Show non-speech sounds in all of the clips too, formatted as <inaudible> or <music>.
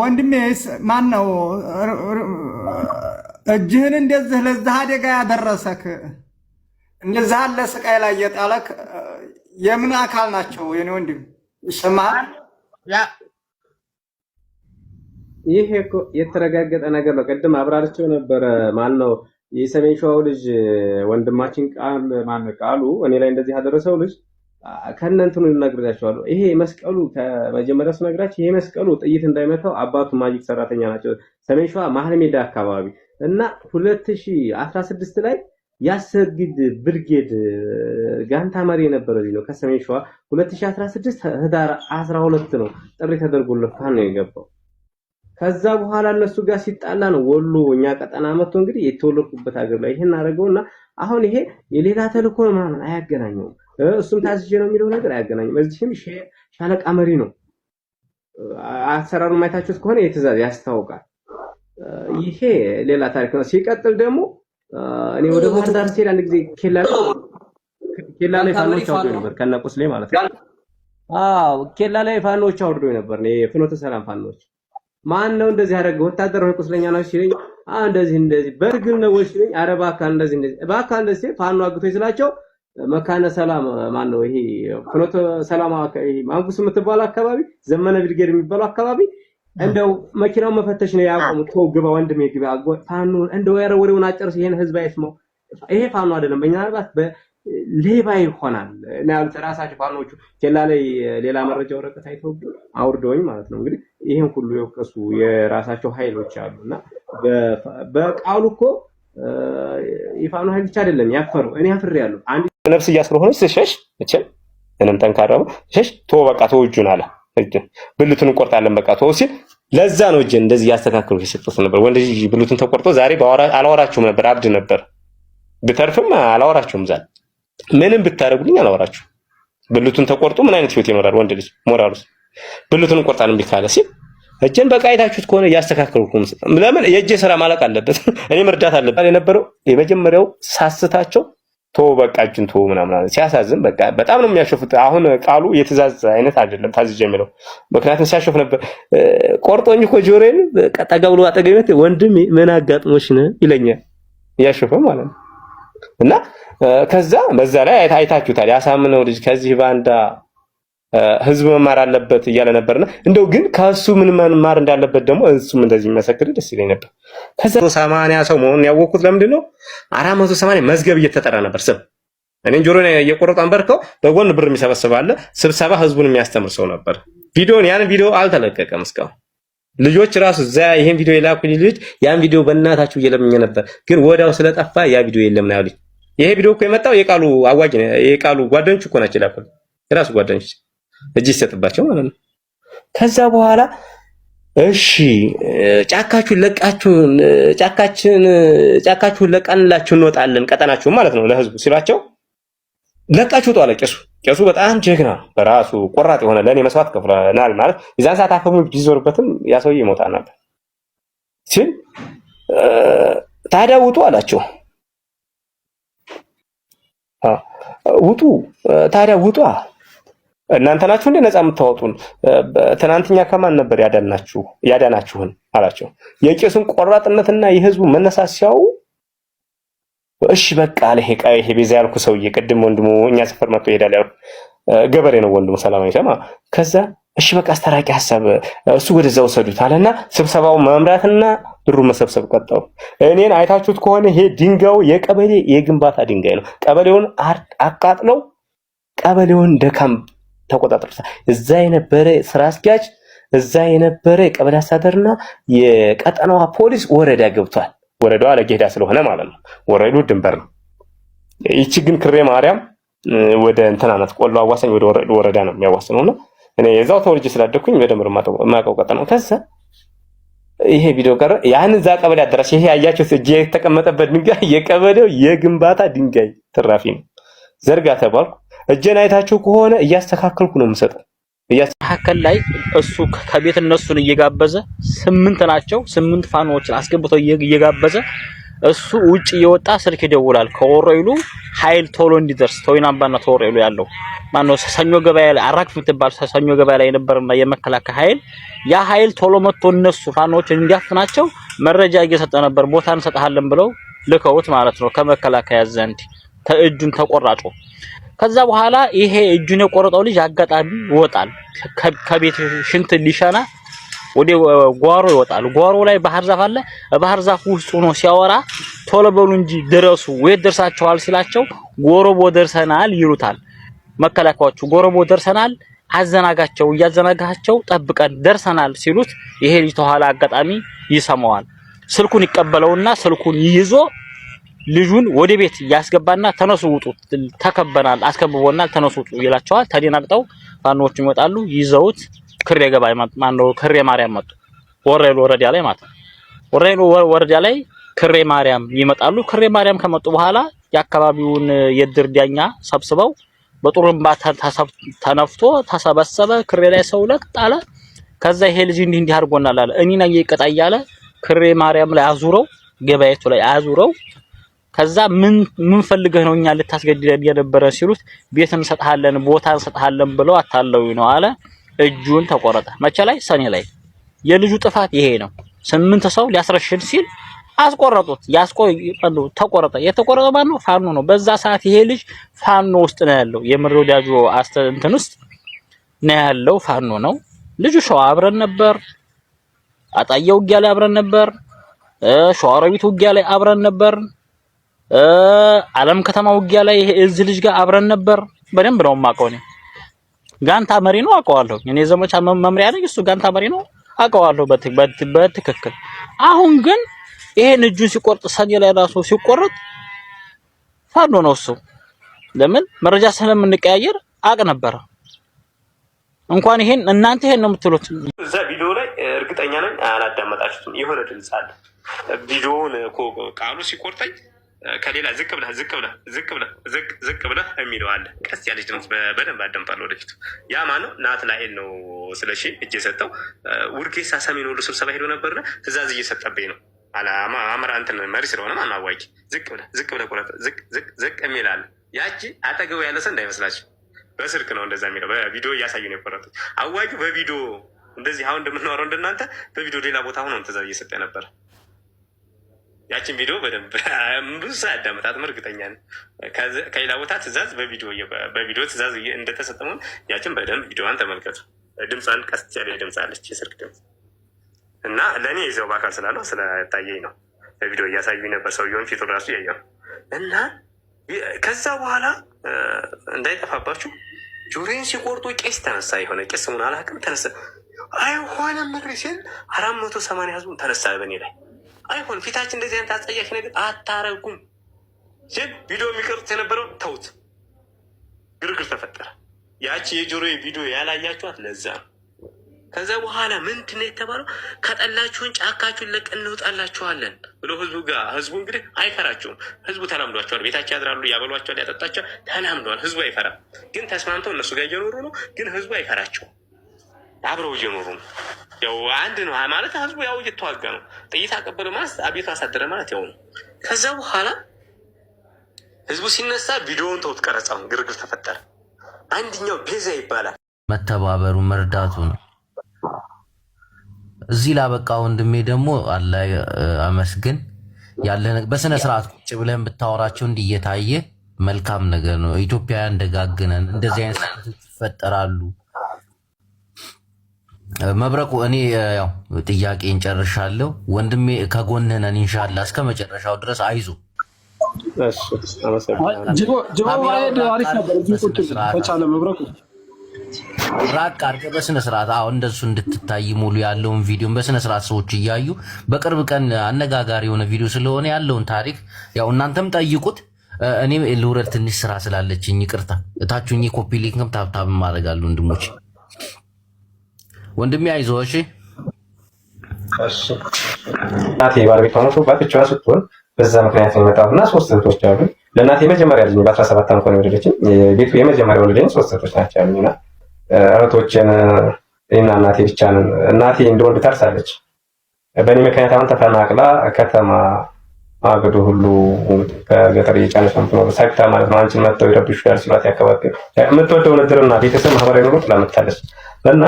ወንድሜ ማን ነው እጅህን እንደዚህ ለዚህ አደጋ ያደረሰክ እንደዚህ አለ ስቃይ ላይ የጣለክ የምን አካል ናቸው? የኔ ወንድም ይሰማሃል? ይህ የተረጋገጠ ነገር ነው። ቅድም አብራርቸው ነበረ። ማን ነው የሰሜን ሸዋው ልጅ ወንድማችን ቃል ማን ቃሉ እኔ ላይ እንደዚህ ያደረሰው ልጅ ከእነንትኑ እነግራቸዋለሁ። ይሄ መስቀሉ ከመጀመሪያ ስነግራቸው ይሄ መስቀሉ ጥይት እንዳይመታው አባቱ ማጂክ ሰራተኛ ናቸው፣ ሰሜን ሸዋ መሀል ሜዳ አካባቢ እና 2016 ላይ ያሰግድ ብርጌድ ጋንታ መሪ የነበረ ነው ከሰሜን ሸዋ 2016 ህዳር 12 ነው ጥሪ ተደርጎለት ነው የገባው። ከዛ በኋላ እነሱ ጋር ሲጣላ ነው ወሎ እኛ ቀጠና መጥቶ እንግዲህ የተወለድኩበት ሀገር ላይ ይሄን እና አሁን ይሄ የሌላ ተልእኮ ምናምን አያገናኘውም። እሱም ታዝዤ ነው የሚለው ነገር አያገናኝም። እዚህም ሻለቃ መሪ ነው። አሰራሩን ማየታችሁት ከሆነ የትእዛዝ ያስታውቃል። ይሄ ሌላ ታሪክ ነው። ሲቀጥል ደግሞ እኔ ወደ ባህር ዳር ስሄድ አንድ ጊዜ ኬላ ላይ ፋኖች አውርዶ ነበር ከነ ቁስሌ ማለት ነው። አዎ ኬላ ላይ ፋኖች አውርዶ ነበር ነው የፍኖተ ሰላም ፋኖች። ማን ነው እንደዚህ ያደረገ? ወታደር ነው ቁስለኛ ነው ሲለኝ፣ አ እንደዚህ እንደዚህ በርግል ነው ሲለኝ፣ አረ እባክህ እንደዚህ እንደዚህ እባክህ እንደዚህ ፋኖ አግቶኝ ስላቸው መካነ ሰላም ማን ነው ይሄ ፍኖተ ሰላም ማንኩስ የምትባለው አካባቢ ዘመነ ብርጌድ የሚባለው አካባቢ እንደው መኪናው መፈተሽ ነው ያቆሙ ተው ግባ ወንድሜ ግባ። ፋኖ እንደው ያረ ወሬውን አጨርስ፣ ይሄን ህዝብ አይስማው። ይሄ ፋኑ አይደለም፣ በእኛ ምናልባት ሌባ ይሆናል እና ያሉት ራሳቸው ፋኖቹ ኬላ ላይ ሌላ መረጃ ወረቀት አይተው አውርደውኝ ማለት ነው። እንግዲህ ይሄን ሁሉ የወቀሱ የራሳቸው ኃይሎች አሉና በቃሉ እኮ የፋኖ ኃይል ብቻ አይደለም ያፈረው እኔ አፍሬ አንድ ነፍስያ ስለሆነች ስሸሽ እችም ምንም ጠንካራ ሸሽ ቶ በቃ ቶ እጁን አለ ብልቱን እንቆርጣለን በቃ ቶ ሲል ለዛ ነው እጄን እንደዚህ ያስተካክሉ የሰጡት ነበር። ወንድ ልጅ ብልቱን ተቆርጦ ዛሬ አላወራችሁም ነበር፣ አብድ ነበር። ብተርፍም አላወራችሁም፣ ዛሬ ምንም ብታደርጉልኝ አላወራችሁም። ብልቱን ተቆርጦ ምን አይነት ህይወት ይኖራል ወንድ ልጅ? ሞራሉስ ብልቱን እንቆርጣለን ቢካለ ሲል እጅን በቃ አይታችሁት ከሆነ እያስተካከልኩ ለምን የእጄ ስራ ማለቅ አለበት፣ <laughs> እኔም እርዳታ አለበት የነበረው የመጀመሪያው ሳስታቸው ቶ በቃ እጅን ቶ ምናምን አለ። ሲያሳዝን፣ በቃ በጣም ነው የሚያሸፉት። አሁን ቃሉ የትእዛዝ አይነት አይደለም ታዝዤ የሚለው ምክንያቱም ሲያሸፍ ነበር። ቆርጦኝ እኮ ጆሮዬን ጠጋ ብሎ አጠገቤት ወንድም ምን አጋጥሞሽ ነው ይለኛል፣ እያሸፈ ማለት ነው። እና ከዛ በዛ ላይ አይታችሁታል ያሳምነው ልጅ ከዚህ ባንዳ ህዝብ መማር አለበት እያለ ነበርና እንደው ግን ከእሱ ምን መማር እንዳለበት ደግሞ እሱም እንደዚህ መሰክር ደስ ይለኝ ነበር። ከዛ ሰማንያ ሰው መሆኑን ያወቅኩት ለምንድን ነው? አራት መቶ ሰማንያ መዝገብ እየተጠራ ነበር ስም እኔን ጆሮ እየቆረጣን በርከው በጎን ብር የሚሰበስባለ ስብሰባ ህዝቡን የሚያስተምር ሰው ነበር። ቪዲዮን ያን ቪዲዮ አልተለቀቀም እስካሁን ልጆች ራሱ እዛ ይሄን ቪዲዮ የላኩኝ ልጅ ያን ቪዲዮ በእናታችሁ እየለምኘ ነበር፣ ግን ወዳው ስለጠፋ ያ ቪዲዮ የለም ነው ያሉኝ። ይሄ ቪዲዮ እኮ የመጣው የቃሉ አዋጅ የቃሉ ጓደኞች እኮ ናቸው የላኩልኝ የራሱ ጓደኞች እጅ ይሰጥባቸው ማለት ነው። ከዛ በኋላ እሺ ጫካችሁን ለቃችሁን ጫካችን ጫካችሁን ለቀንላችሁ እንወጣለን ቀጠናችሁን ማለት ነው ለህዝቡ ሲሏቸው ለቃችሁ አለ ቄሱ ቄሱ በጣም ጀግና በራሱ ቆራጥ የሆነ ለእኔ መስዋዕት ከፍለናል ማለት የዛን ሰዓት አፈሙ ቢዞርበትም ያ ሰውዬ ይሞታል ነበር ሲል ታዲያ ውጡ አላቸው። ውጡ ታዲያ ውጡ እናንተ ናችሁ እንደ ነፃ የምታወጡን? ትናንትኛ ከማን ነበር ያዳናችሁን አላቸው። የቄሱን ቆራጥነትና የህዝቡ መነሳት ሲያው እሺ በቃ አለ ይሄ ቤዛ ያልኩ ሰውዬ፣ ቅድም ወንድሙ እኛ ሰፈር መጥቶ ይሄዳል ያልኩ ገበሬ ነው ወንድሙ ሰላማዊ ሰማ። ከዛ እሺ በቃ አስተራቂ ሀሳብ እሱ ወደዛ ወሰዱት አለና ስብሰባው መምራትና ብሩ መሰብሰብ ቀጠሉ። እኔን አይታችሁት ከሆነ ይሄ ድንጋዩ የቀበሌ የግንባታ ድንጋይ ነው። ቀበሌውን አቃጥለው ቀበሌውን ደካም ተቆጣጥሮታል። እዛ የነበረ ስራ አስኪያጅ፣ እዛ የነበረ የቀበሌ አስተዳደርና የቀጠናዋ ፖሊስ ወረዳ ገብቷል። ወረዳዋ ለጌዳ ስለሆነ ማለት ነው። ወረዱ ድንበር ነው። ይቺ ግን ክሬ ማርያም ወደ እንትና ናት፣ ቆሎ አዋሳኝ ወደ ወረዳ ነው የሚያዋስነው እና እኔ የዛው ተወልጄ ስላደኩኝ በደንብ የማውቀው ቀጠናው ከዛ ይሄ ቪዲዮ ቀረ። ያን እዛ ቀበሌ አዳራሽ ይሄ ያያችሁት እጄ የተቀመጠበት ድንጋይ የቀበሌው የግንባታ ድንጋይ ትራፊ ነው። ዘርጋ ተባልኩ። እጄን አይታችሁ ከሆነ እያስተካከልኩ ነው የምሰጠው። እያስተካከል ላይ እሱ ከቤት እነሱን እየጋበዘ ስምንት ናቸው፣ ስምንት ፋኖዎችን አስገብቶ እየጋበዘ እሱ ውጭ እየወጣ ስልክ ይደውላል። ከወሮይሉ ኃይል ቶሎ እንዲደርስ ተወይና አምባና ተወሮይሉ ያለው ማነው ሰኞ ገበያ ላይ አራክ የምትባል ሰኞ ገበያ ላይ የነበረና የመከላከያ ኃይል ያ ኃይል ቶሎ መጥቶ እነሱ ፋኖች እንዲያፍናቸው መረጃ እየሰጠ ነበር። ቦታ እንሰጥሃለን ብለው ልከውት ማለት ነው ከመከላከያ ዘንድ እጁን ተቆራጮ ከዛ በኋላ ይሄ እጁን የቆረጠው ልጅ አጋጣሚ ይወጣል ከቤት ሽንት ሊሸና ወደ ጓሮ ይወጣል። ጓሮ ላይ ባህር ዛፍ አለ። ባህር ዛፍ ውስጥ ሆኖ ሲያወራ ቶሎ በሉ እንጂ ድረሱ፣ ወይ ደርሳችኋል ሲላቸው ጎረቦ ደርሰናል ይሉታል። መከላከያዎቹ ጎረቦ ደርሰናል፣ አዘናጋቸው እያዘናጋቸው ጠብቀን ደርሰናል ሲሉት ይሄ ልጅ ተኋላ አጋጣሚ ይሰማዋል። ስልኩን ይቀበለውና ስልኩን ይይዞ ልጁን ወደ ቤት ያስገባና ተነሱ ውጡ፣ ተከበናል፣ አስከብቦናል፣ ተነሱ ውጡ ይላቸዋል። ተደናግጠው ፋኖዎቹ ይመጣሉ፣ ይዘውት ክሬ ገባ ማነው ክሬ ማርያም መጡ። ወረይሉ ወረዳ ላይ ማለት ነው። ወረይሉ ወረዳ ላይ ክሬ ማርያም ይመጣሉ። ክሬ ማርያም ከመጡ በኋላ የአካባቢውን የድር ዳኛ ሰብስበው በጡሩምባ ተነፍቶ ተሰበሰበ። ክሬ ላይ ሰው ለቅ ጣለ። ከዛ ይሄ ልጅ እንዲህ እንዲህ አድርጎናል አለ እኔና ይቀጣ እያለ ክሬ ማርያም ላይ አዙረው ገበያቱ ላይ አዙረው ከዛ ምን ምን ፈልገህ ነው እኛ ልታስገድደን የነበረ ሲሉት ቤት እንሰጥሃለን ቦታ እንሰጥሃለን ብለው አታለው ነው አለ። እጁን ተቆረጠ። መቼ ላይ? ሰኔ ላይ። የልጁ ጥፋት ይሄ ነው። ስምንት ሰው ሊያስረሽን ሲል አስቆረጡት። ያስቆ ተቆረጠ። የተቆረጠ ማን ነው? ፋኖ ነው። በዛ ሰዓት ይሄ ልጅ ፋኖ ውስጥ ነው ያለው። የምድር ወዳጁ አስተ እንትን ውስጥ ነው ያለው። ፋኖ ነው ልጁ። ሸዋ አብረን ነበር፣ አጣየው ውጊያ ላይ አብረን ነበር፣ ሸዋሮቢት ውጊያ ላይ አብረን ነበር። አለም ከተማ ውጊያ ላይ እዚህ ልጅ ጋር አብረን ነበር። በደንብ ነው የማውቀው። እኔ ጋንታ መሪ ነው አውቀዋለሁ። እኔ ዘመቻ መምሪያ ነኝ፣ እሱ ጋንታ መሪ ነው አውቀዋለሁ በትክክል። አሁን ግን ይሄን እጁን ሲቆርጥ ሰኔ ላይ ራሱ ሲቆርጥ ፋኖ ነው እሱ። ለምን መረጃ ስለምንቀያየር አቅ ነበረ። እንኳን ይሄን እናንተ ይሄን ነው የምትሉት። እዛ ቪዲዮ ላይ እርግጠኛ ነኝ አላዳመጣችሁትም። የሆነ ድምፅ አለ ቪዲዮውን ቃሉ ሲቆርጠኝ ከሌላ ዝቅ ብለህ ዝቅ ብለህ ዝቅ ብለህ ዝቅ ዝቅ ብለህ የሚለው አለ። ቀስ ያለች ድምፅ በደንብ አዳምጣለሁ። ወደፊቱ ያ ማን ነው? ናት ናትናኤል ነው። ስለሺ እጅ የሰጠው ውርጌሳ ሰሜን ወሎ ስብሰባ ሄዶ ነበርና ትእዛዝ እየሰጠብኝ ነው። አመራ እንትን መሪ ስለሆነ ማነው አዋቂ። ዝቅ ብለህ ዝቅ ብለህ ቁረጥ፣ ዝቅ ዝቅ ዝቅ የሚል አለ። ያቺ አጠገቡ ያለ ሰው እንዳይመስላችሁ። በስልክ ነው እንደዛ የሚለው በቪዲዮ እያሳዩ ነው የቆረጡት። አዋቂ በቪዲዮ እንደዚህ አሁን እንደምናወራው እንደናንተ በቪዲዮ ሌላ ቦታ ሆኖ ትእዛዝ እየሰጠ ነበር። ያችን ቪዲዮ በደንብ ብዙ ሰ ያዳመጣትም እርግጠኛ ነኝ። ከሌላ ቦታ ትእዛዝ በቪዲዮ ትእዛዝ እንደተሰጠመን ያችን በደንብ ቪዲዮዋን ተመልከቱ። ድምፃን ቀስ ያለ ድምፅ አለች፣ የስልክ ድምፅ እና ለእኔ ይዘው በአካል ስላለው ስለታየኝ ነው። በቪዲዮ እያሳዩ ነበር፣ ሰውየውን ፊቱን ራሱ እያየሁ እና ከዛ በኋላ እንዳይጠፋባችሁ ጆሮዬን ሲቆርጡ ቄስ ተነሳ። የሆነ ቄስ ምን አላውቅም ተነሳ። አይሆንም ምክሪ ሲል አራት መቶ ሰማንያ ህዝቡ ተነሳ በእኔ ላይ አይሆን ፊታችን እንደዚህ አይነት አጸያፊ ነገር አታረጉም። ሲል ቪዲዮ የሚቀርጽ የነበረው ተውት፣ ግርግር ተፈጠረ። ያቺ የጆሮ ቪዲዮ ያላያችኋት ለዛ ነው። ከዛ በኋላ ምንድን ነው የተባለው? ከጠላችሁን ጫካችሁን ለቅ እንውጣላችኋለን ብሎ ህዝቡ ጋር ህዝቡ እንግዲህ አይፈራቸውም። ህዝቡ ተላምዷቸዋል። ቤታቸው ያድራሉ፣ ያበሏቸዋል፣ ያጠጣቸዋል። ተላምዷል። ህዝቡ አይፈራም። ግን ተስማምተው እነሱ ጋር እየኖሩ ነው። ግን ህዝቡ አይፈራቸውም። አብረው እየኖሩ ነው። ያው አንድ ነው ማለት ህዝቡ ያው እየተዋጋ ነው። ጥይት አቀበለ ማለት አቤቱ አሳደረ ማለት ያው ነው። ከዛ በኋላ ህዝቡ ሲነሳ ቪዲዮውን ተውት፣ ቀረጻውን ግርግር ተፈጠረ። አንድኛው ቤዛ ይባላል መተባበሩ መርዳቱ ነው። እዚህ ላበቃ ወንድሜ ደግሞ አለ አመስግን ያለ በስነ ስርዓት ቁጭ ብለን ብታወራቸው እንዲየታየ መልካም ነገር ነው። ኢትዮጵያውያን ደጋግነን እንደዚህ አይነት ይፈጠራሉ። መብረቁ እኔ ያው ጥያቄ እንጨርሻለሁ። ወንድሜ ከጎንህ ነን ኢንሻላህ እስከ መጨረሻው ድረስ አይዞ ራቅ አድርገህ በስነ ስርዓት አሁን እንደሱ እንድትታይ ሙሉ ያለውን ቪዲዮን በስነ ስርዓት ሰዎች እያዩ በቅርብ ቀን አነጋጋሪ የሆነ ቪዲዮ ስለሆነ ያለውን ታሪክ ያው እናንተም ጠይቁት። እኔ ልውረድ፣ ትንሽ ስራ ስላለችኝ ይቅርታ። እታችሁ ኮፒ ሊንክም ታብታብ ማድረጋሉ ወንድሞች ወንድሜ አይዞ እሺ እሺ። እናቴ ባለቤት ሆኖ ሾባት ብቻዋ ስትሆን በዛ ምክንያት ነው የመጣሁት እና ሶስት እህቶች አሉ። ለእናቴ የመጀመሪያ ልጅ በአስራ ሰባት ዓመት ነው የወለደችኝ። ቤቱ የመጀመሪያ ወለደኝ። ሶስት እህቶች ናቸው ያሉኝ እና እህቶችን እና እናቴ ብቻ ነን። እናቴ እንደወንድ ታርሳለች። በእኔ ምክንያት አሁን ተፈናቅላ ከተማ አገዶ ሁሉ ከገጠር እየጫነች ነው ሳይታ ማለት ነው። አንቺን መጥተው ይረብሹሻል ሲሏት ያከባቢ የምትወደው ውድድርና ቤተሰብ ማህበራዊ ኑሮ ጥላ መጥታለች እና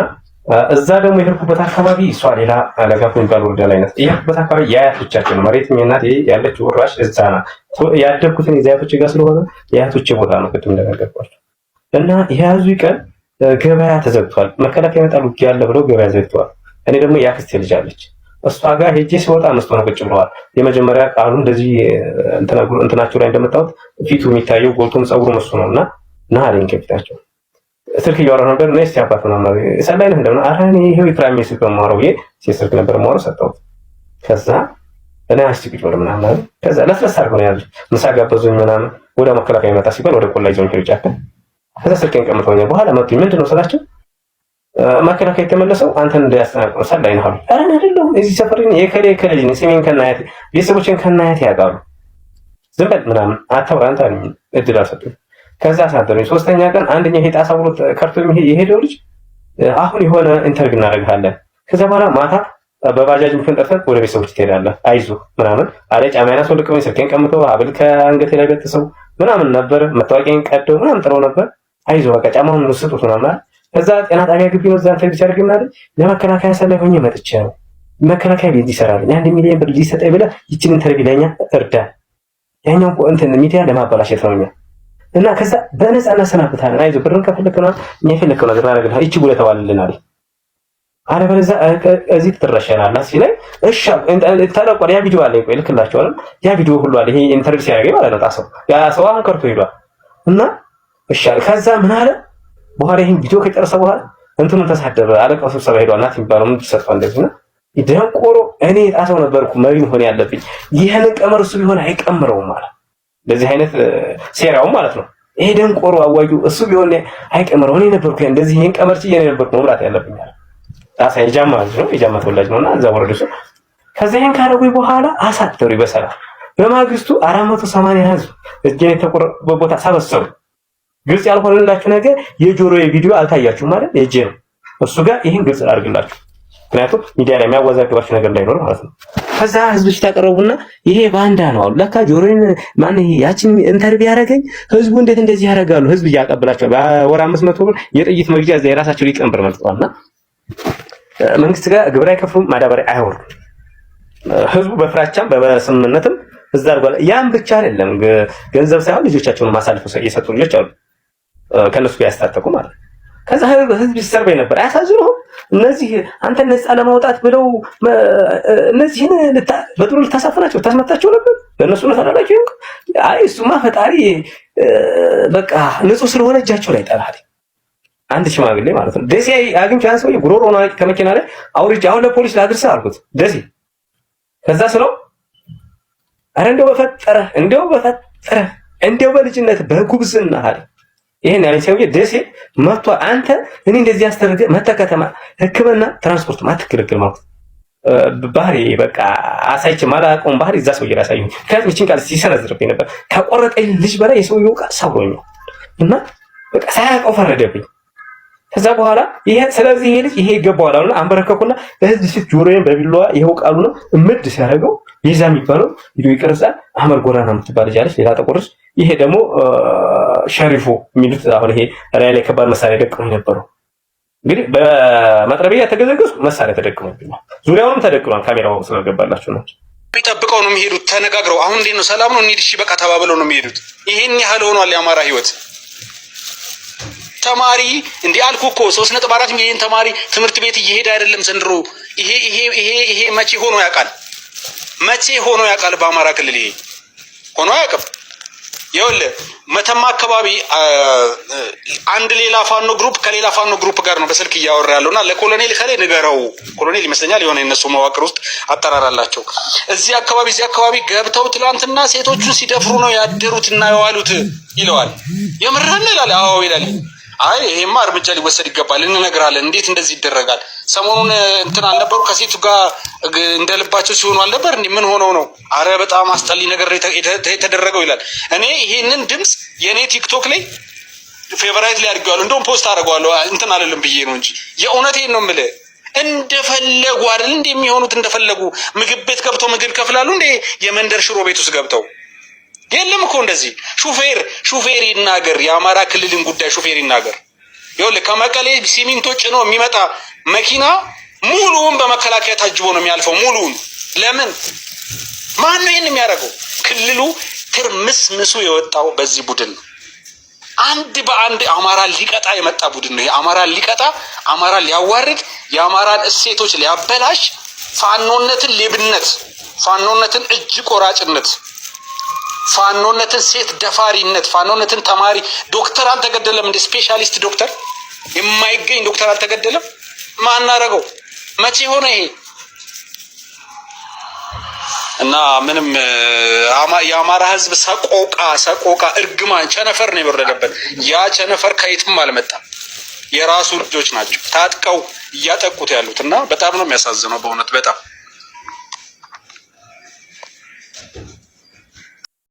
እዛ ደግሞ የሄድኩበት አካባቢ እሷ ሌላ አለጋ የሚባል ወረዳ ላይ ናት። የሄድኩበት አካባቢ የአያቶቻቸው ነው መሬት ሚናት ያለች ወራሽ እዛ ናት። ያደግኩትን የአያቶች ጋር ስለሆነ የአያቶች ቦታ ነው። ቅድም እንደነገርኳቸው እና የያዙ ቀን ገበያ ተዘግቷል። መከላከያ ይመጣል ውጊያ አለ ብለው ገበያ ዘግተዋል። እኔ ደግሞ የአክስቴ ልጅ አለች እሷ ጋር ሄጄ ሲወጣ እነሱ ነው ቁጭ ብለዋል። የመጀመሪያ ቃሉ እንደዚህ እንትናቸው ላይ እንደመጣሁት ፊቱ የሚታየው ጎልቶም ፀጉሩ መሱ ነው እና ና አለኝ ከፊታቸው ስልክ እያወራሁ ነበር እና ስ አባት ምናምን ሰላይ ነህ እንደምና ኧረ እኔ ይሄው የፕራይም ሚኒስትር በማረ ብዬ ሴት ስልክ ነበር ማረው ሰጠሁት። ከዛ እኔ አስቸግጭ ወደ ምናምን አለ። ከዛ ለስለስ አድርጎ ነው ያዘ። ምሳ ጋበዙኝ ምናምን ወደ መከላከያ ይመጣ ሲባል ወደ ቆላ ይዞኝ ሄዱ ጫካ። ከዛ ስልክ ቀምተውኛል። በኋላ መጡኝ። ምንድን ነው ስላቸው መከላከያ የተመለሰው አንተን እንዳያስጠናቅ ሰላይ ነህ አሉ። ኧረ እኔ አይደለሁም እዚህ ሰፈር የከሌ ከለጅ ልጅ ስሜን ከናያቴ ቤተሰቦችን ከናያት ያውቃሉ። ዝም በል ምናምን አታውራ አንተ እድል አልሰጡኝ ከዛ አሳደረኝ። ሶስተኛ ቀን አንደኛ ሄጣ ሳብሎት ከርቶ የሄደው ልጅ አሁን የሆነ ኢንተርቪው እናደርግሃለን። ከዛ በኋላ ማታ በባጃጅ ምፍንጠርተን ወደ ቤተሰቦች ትሄዳለህ፣ አይዞህ ምናምን አለ። ጫማዬን አስወልቀውኝ ስልኬን ቀምቶ ሀብል ከአንገቴ ላይ ገጥሰው ምናምን ነበር። መታወቂያን ቀደው ምናምን ጥለው ነበር። አይዞህ በቃ ጫማውን ስጡት ምናምን። ከዛ ጤና ጣቢያ ግቢ ነው እዛ ኢንተርቪው ሲያደርግ ምናምን ለመከላከያ ሰላይ ሆኜ መጥቼ ነው መከላከያ ቤት ይሰራል። አንድ ሚሊዮን ብር ሊሰጠኝ ብለህ ይችን ኢንተርቪው ለኛ እርዳ። ያኛው እንትን ሚዲያ ለማበላሸት ነው እኛ እና ከዛ በነፃ እናሰናብታለን። አይዞህ ብርን ከፈለክ ነው የፈለከው ነገር እናደርግልሃለን። እቺ ጉድ ተባልልን አለ። አለበለዚያ እዚህ ትረሸናለህ ሲለኝ እሺ ተለቋል። ያ ቪዲዮ አለ፣ ቆይ ልክላቸዋለሁ። ያ ቪዲዮ ሁሉ አለ። ይሄ ኢንተርቪው ሲያገኝ ማለት ነው ጣሰው። ያ ሰው አሁን ከርቶ ሄዷል። እና እሺ ከዛ ምን አለ በኋላ ይሄን ቪዲዮ ከጨረሰ በኋላ እንትኑን ተሳደበ። አለቃው ስብሰባ ሄዷል። ናት የሚባለው ምን ተሰጥቷል እንደዚህ ነው ደንቆሮ። እኔ ጣሰው ነበርኩ መሪን ሆነ ያለብኝ። ይሄን ቀመር እሱ ቢሆን አይቀምረውም ማለት እንደዚህ አይነት ሴራው ማለት ነው። ይሄ ደንቆሮ አዋጁ እሱ ቢሆን አይቀመረው እኔ ነበርኩ ያ እንደዚህ ይሄን ቀመርች እኔ ነበርኩ ነው ማለት ያለብኛል። አሳ የጃማ ልጅ ነው የጃማ ተወላጅ ነውና እዛ ወረደ ሰው ከዛ ይሄን ካረጉኝ በኋላ አሳተሩ በሰላም በማግስቱ 480 ህዝብ እጄን የተቆረጠበት ቦታ ሰበሰቡ። ግልጽ ያልሆነላችሁ ነገር የጆሮ ቪዲዮ አልታያችሁም ማለት የእጄ ነው። እሱ ጋር ይሄን ግልጽ አድርግላችሁ ምክንያቱም ሚዲያ ላይ የሚያወዛግባችሁ ነገር እንዳይኖር ማለት ነው። ከዛ ህዝብ ፊት አቀረቡና ይሄ ባንዳ ነው አሉ። ለካ ጆሮን ማን ያችን ኢንተርቪው ያደረገኝ ህዝቡ እንዴት እንደዚህ ያደርጋሉ? ህዝብ እያቀብላቸው በወር አምስት መቶ ብር የጥይት መግዣ እዚያ የራሳቸው ሊቀንበር መልጠዋልና መንግስት ጋር ግብር አይከፍሉም፣ ማዳበሪያ አይወርዱም። ህዝቡ በፍራቻም በስምምነትም እዛ አድርጓል። ያን ብቻ አይደለም፣ ገንዘብ ሳይሆን ልጆቻቸውን ማሳልፈው የሰጡ ልጆች አሉ፣ ከነሱ ጋር ያስታጠቁ ማለት ከዛ ህዝብ ሲሰርበኝ ነበር። አያሳዝኑም እነዚህ አንተ ነፃ ለማውጣት ብለው እነዚህን በጥሩ ልታሳፍናቸው ታስመታቸው ነበር። ለእነሱ ነው ታላላቸው። አይ እሱማ ፈጣሪ በቃ ንጹህ ስለሆነ እጃቸው ላይ ጠራል። አንድ ሽማግሌ ማለት ነው ደሴ አግኝቼ ያን ሰውዬ ጉሮሮ ሆነ ከመኪና ላይ አውርጄ አሁን ለፖሊስ ላድርስ አልኩት ደሴ። ከዛ ስለው አረ እንደው በፈጠረ እንደው በፈጠረ እንደው በልጅነት በጉብዝና አለኝ ይሄን ያለ ሰውዬ ደሴ መጥቶ አንተ እኔ እንደዚህ አስተርገ መጥተህ ከተማ ሕክምና ትራንስፖርት ማትክልክል ማለት ባህሪ በቃ አሳይች ማላውቀውን ባህሪ እዛ ሰውዬ ከዚህ ከያዝምችን ቃል ሲሰነዝርብኝ ነበር። ከቆረጠኝ ልጅ በላይ የሰውዬው ቃል ሰብሮኝ እና በቃ ሳያውቀው ፈረደብኝ። ከዛ በኋላ ይሄ ስለዚህ ይሄ ልጅ ይሄ ይገባዋል አሉና አንበረከኩና በህዝብ ፊት ጆሮዬን በቢላዋ ይኸው ነው እምድ ሲያደርገው ቤዛ የሚባለው ቪዲዮ ይቀርጻል። አህመድ ጎራና የምትባል ልጅ አለች፣ ሌላ ጠቆረች። ይሄ ደግሞ ሸሪፉ የሚሉት አሁን ይሄ ራያ ላይ ከባድ መሳሪያ ደቅሞ የነበረው እንግዲህ በመጥረቢያ ተገዘገዝኩ፣ መሳሪያ ተደቅሞብኛል። ዙሪያውንም ተደቅሟል። ካሜራው ስለገባላችሁ ነው። የሚጠብቀው ነው የሚሄዱት። ተነጋግረው አሁን እንዴት ነው ሰላም ነው እንሂድ፣ እሺ በቃ ተባብለው ነው የሚሄዱት። ይሄን ያህል ሆኗል የአማራ ህይወት። ተማሪ እንደ አልኩ እኮ ሶስት ነጥብ አራት ሚሊዮን ተማሪ ትምህርት ቤት እየሄደ አይደለም ዘንድሮ። ይሄ ይሄ ይሄ ይሄ መቼ ሆኖ ያውቃል? መቼ ሆኖ ያውቃል? በአማራ ክልል ይሄ ሆኖ አያውቅም። ይኸውልህ መተማ አካባቢ አንድ ሌላ ፋኖ ግሩፕ ከሌላ ፋኖ ግሩፕ ጋር ነው በስልክ እያወራ ያለው እና ለኮሎኔል ከሌ ንገረው፣ ኮሎኔል ይመስለኛል የሆነ የነሱ መዋቅር ውስጥ አጠራር እዚህ አካባቢ እዚህ አካባቢ ገብተው ትላንትና ሴቶቹን ሲደፍሩ ነው ያደሩት እና የዋሉት ይለዋል። የምርህን ይላል። አዎ ይላል። አይ ይሄማ እርምጃ ሊወሰድ ይገባል፣ እንነግራለን። እንዴት እንደዚህ ይደረጋል? ሰሞኑን እንትን አልነበሩ ከሴቱ ጋር እንደ ልባቸው ሲሆኑ አልነበር? ምን ሆነው ነው? አረ በጣም አስጠሊ ነገር የተደረገው ይላል። እኔ ይሄንን ድምፅ የእኔ ቲክቶክ ላይ ፌቨራይት ላይ አድርገዋለሁ፣ እንደውም ፖስት አድርገዋለሁ። እንትን አለልም ብዬ ነው እንጂ የእውነቴን ነው የምልህ። እንደፈለጉ አይደል እንደሚሆኑት እንደፈለጉ ምግብ ቤት ገብተው ምግብ ይከፍላሉ እንዴ? የመንደር ሽሮ ቤት ውስጥ ገብተው የለም እኮ እንደዚህ ሹፌር ሹፌር ይናገር። የአማራ ክልልን ጉዳይ ሹፌር ይናገር። ይኸውልህ ከመቀሌ ሲሚንቶ ጭኖ የሚመጣ መኪና ሙሉውን በመከላከያ ታጅቦ ነው የሚያልፈው። ሙሉውን ለምን ማን ነው ይህን የሚያደርገው? ክልሉ ምሱ የወጣው በዚህ ቡድን ነው። አንድ በአንድ አማራን ሊቀጣ የመጣ ቡድን ነው። የአማራን ሊቀጣ፣ አማራን ሊያዋርድ፣ የአማራን እሴቶች ሊያበላሽ፣ ፋኖነትን ሌብነት፣ ፋኖነትን እጅ ቆራጭነት ፋኖነትን ሴት ደፋሪነት፣ ፋኖነትን ተማሪ ዶክተር አልተገደለም እንደ ስፔሻሊስት ዶክተር የማይገኝ ዶክተር አልተገደለም። ማናረገው መቼ ሆነ ይሄ? እና ምንም የአማራ ህዝብ ሰቆቃ ሰቆቃ እርግማን ቸነፈር ነው የወረደበት። ያ ቸነፈር ከየትም አልመጣም። የራሱ ልጆች ናቸው ታጥቀው እያጠቁት ያሉት እና በጣም ነው የሚያሳዝነው በእውነት በጣም